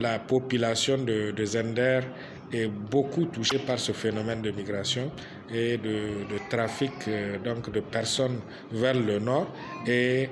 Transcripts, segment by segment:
La population de, Zender est beaucoup touchée par ce phénomène de migration et de, trafic euh, donc de personnes vers le nord et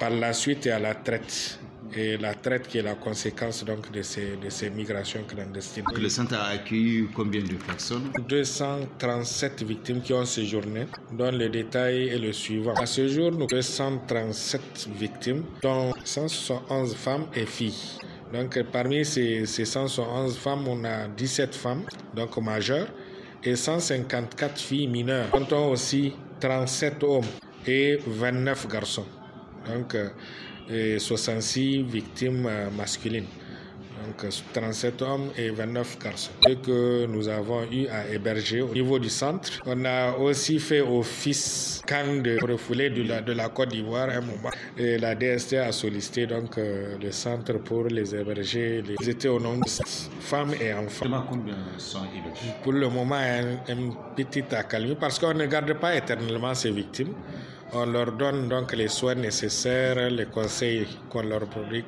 par la suite à la traite. Et la traite qui est la conséquence donc de ces, migrations clandestines. Le centre a accueilli combien de personnes 237 victimes qui ont séjourné, dont le détail est le suivant. À ce jour, nous avons 237 victimes, dont 171 femmes et filles. Donc parmi ces, 111 femmes, on a 17 femmes, donc majeures, et 154 filles mineures. On a aussi 37 hommes et 29 garçons. Donc, 66 euh, victimes euh, masculines donc 37 euh, hommes et 29 garçons, et que nous avons eu à héberger au niveau du centre. On a aussi fait office camp de refoulés de la, de la Côte d'Ivoire un moment. Et la DST a sollicité donc euh, le centre pour les héberger. Ils étaient au nom de femmes et enfants. Pour le moment, un, un petit accalmie parce qu'on ne garde pas éternellement ces victimes. On leur donne donc les soins nécessaires, les conseils qu'on leur publie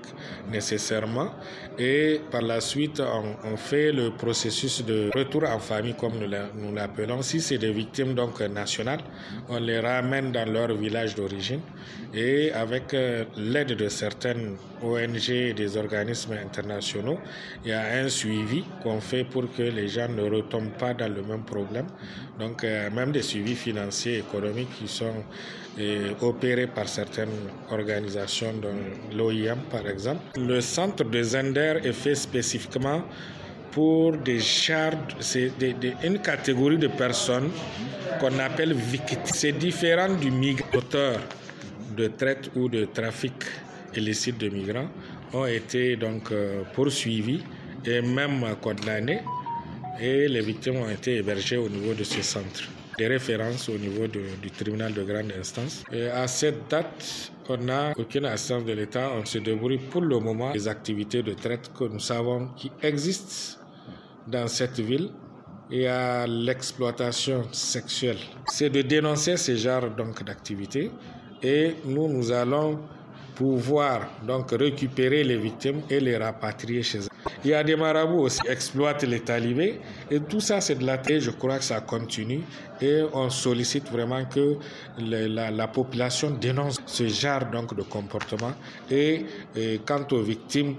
nécessairement. Et par la suite, on, fait le processus de retour en famille, comme nous l'appelons. Si c'est des victimes donc nationales, on les ramène dans leur village d'origine. Et avec euh, l'aide de certaines ONG et des organismes internationaux, il y a un suivi qu'on fait pour que les gens ne retombent pas dans le même problème. Donc, euh, même des suivis financiers, économiques qui sont opérés par certaines organisations, dont l'OIM par exemple. Le centre de Zender est fait spécifiquement pour des chars, c'est une catégorie de personnes qu'on appelle victimes. C'est différent du migrateur de traite ou de trafic illicite de migrants ont été donc euh, poursuivis et même condamnés et les victimes ont été hébergées au niveau de ce centre des références au niveau du tribunal de grande instance. Et à cette date, on n'a aucune assistance de l'État. On se débrouille pour le moment des activités de traite que nous savons qui existent dans cette ville et à l'exploitation sexuelle. C'est de dénoncer ce genre donc d'activités et nous, nous allons pouvoir donc récupérer les victimes et les rapatrier chez eux. Il y a des marabouts aussi qui exploitent les talibés et tout ça c'est de la terre, je crois que ça continue et on sollicite vraiment que la, population dénonce ce genre donc de comportement et, quant aux victimes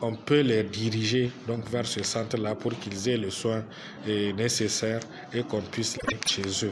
on peut les diriger donc vers ce centre-là pour qu'ils aient le soin nécessaire et qu'on puisse les chez eux.